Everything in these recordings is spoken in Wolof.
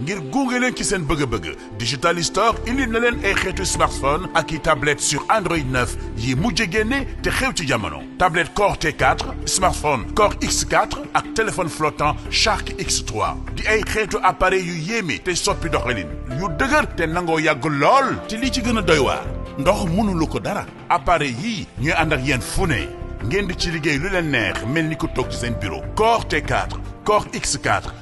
ngir gunge leen ci seen bëgg-bëgg digital store indil na leen ay xeetu smartphone ak i tablette sur Android 9 yi mu génne te xew ci jamono tablette Core T4 smartphone Core x ak téléphone flottant Shark X3 di ay xeetu appareil yu yéeme te soppi doxalin yu dëgër te nangoo yàgg lool te li ci gën a doy waar ndox mënulu ko dara appareil yi ñuy ànd ak yéen fu ne ngeen di ci liggéey lu leen neex mel ni ku toog ci seen bureau Core T4 Core x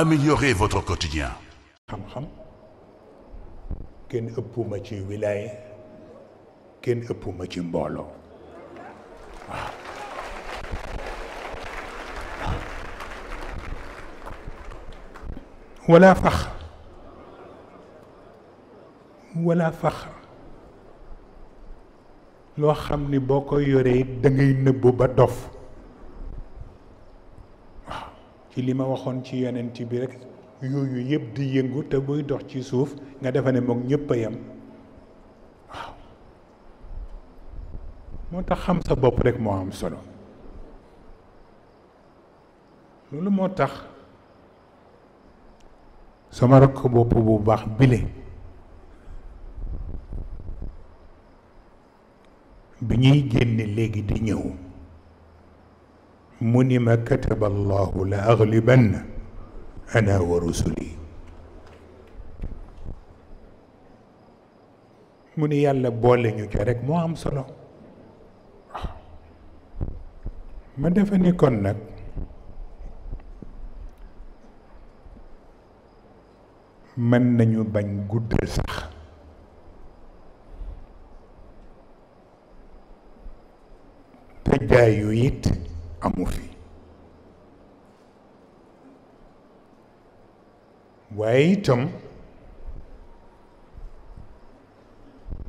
améliorer votre quotidien. xam-xam kenn ëppuma ci wilaaye kenn ëppuma ci mbooloo waaw wala fax wala fax loo xam ni boo koy yoree da ngay nëbbu ba dof li ma waxoon ci yonent bi rek yooyu yëpp di yëngu te buy dox ci suuf nga defe ne moom ñëpp a yem waaw moo tax xam sa bopp rek moo am solo loolu moo tax sama rakk bopp bu baax bile bi ñuy génne léegi di ñëw mu ni ma kataba allahu la aglibanna ana wa rusuli mu ni yàlla boole ñu ca rek moo am solo ma defe ni kon nag mën nañu bañ gudd sax te jaayu amu fi waaye itam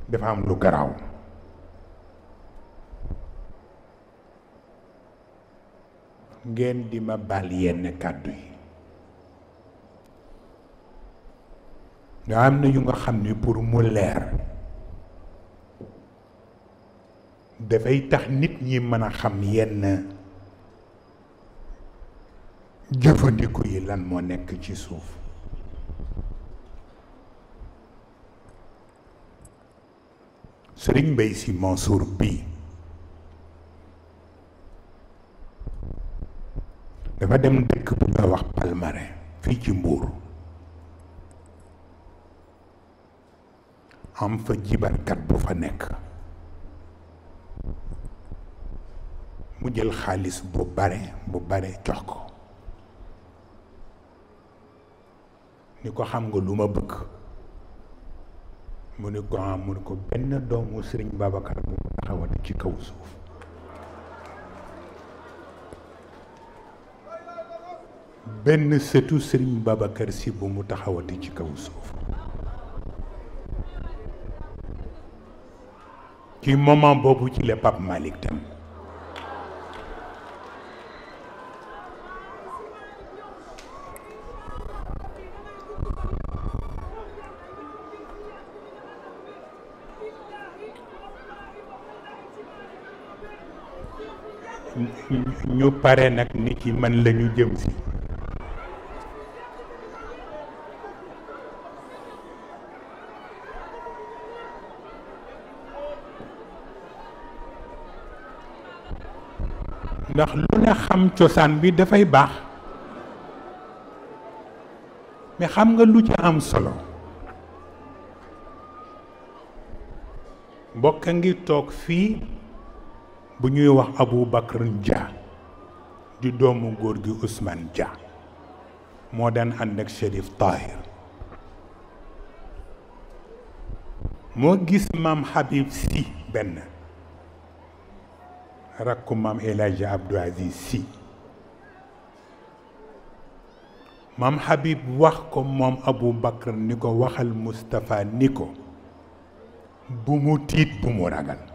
dafa am lu garaaw ngeen di ma baal yenn kàddu yi nga am na yu nga xam ni pour mu leer dafay tax nit ñi mën a xam yenn jëfandiku yi lan moo nekk ci suuf Sëriñ Mbay Si suur bii dafa dem dëkk bu nga wax Palmarin fii ci Mbuur am fa jibarkat bu fa nekk mu jël xaalis bu bare bu bare jox ko ni ko xam nga lu ma bëgg mu ni ko am ah, mu ni ko benn doomu sëriñ Babacar bu ci kaw suuf benn sëtu mu taxawati ci kaw suuf ci moment boobu ci la Pape Malick ñu pare nag ni ci man jëm si ndax lu ne xam cosaan bi dafay baax mais xam nga lu ci am solo mbokk a ngi toog fii bu ñuy wax abu Bakr Dia di doomu góor gi usmaan Dia moo daan ànd ak Chérif Tahir moo gis maam Habib Sy benn rakku maam El Hadji Abdou Aziz Sy maam Habib wax ko moom Abou Bakr ni ko waxal Moustapha ni ko bu mu tiit bu mu ragal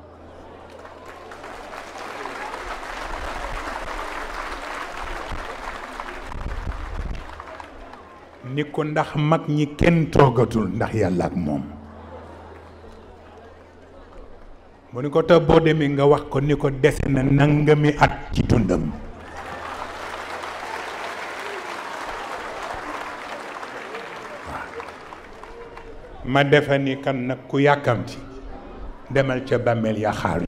ni ko ndax mag ñi kenn toogatul ndax yàlla ak moom mu ni ko te boo demee nga wax ko ni ko dese na mi at ci tundam ma defe ni kan nag ku yàkkamti demal ca bàmmeel ya xaar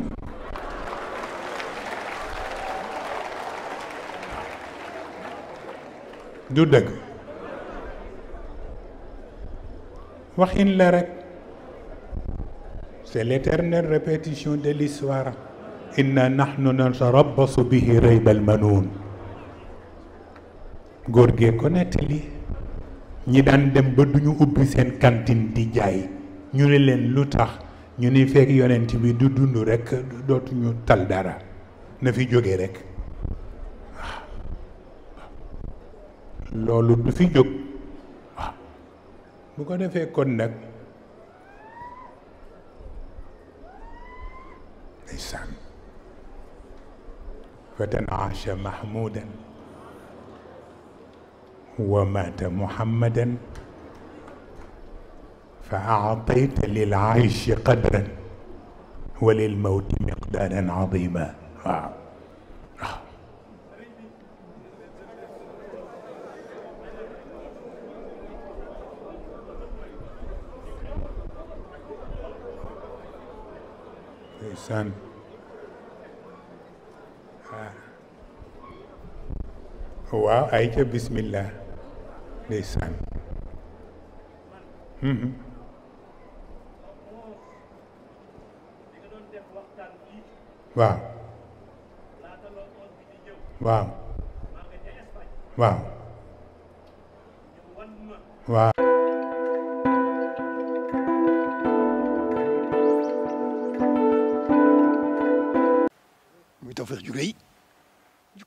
du dëgg waxin la rek c'est l'éternelle répétition de l'histoire inna nahnu natarabbasu bihi raybal manuun góor gee ko nettali ñi daan dem ba duñu ubbi seen cantine di jaay ñu ni leen lu tax ñu ni fekk yonent bi du dund rek dootuñu tal dara na fi jóge rek waaw loolu du fi jóg bu ko defee kon nag ndeysaan fatan aasha mahmudan wa mata muhammadan fa aatayta lil aishi qadran wa lil mawti miqdaaran azima waaw ndeysaan ah. waaw ay ca bismillah ndeysaan mhm. waaw waaw waaw waaw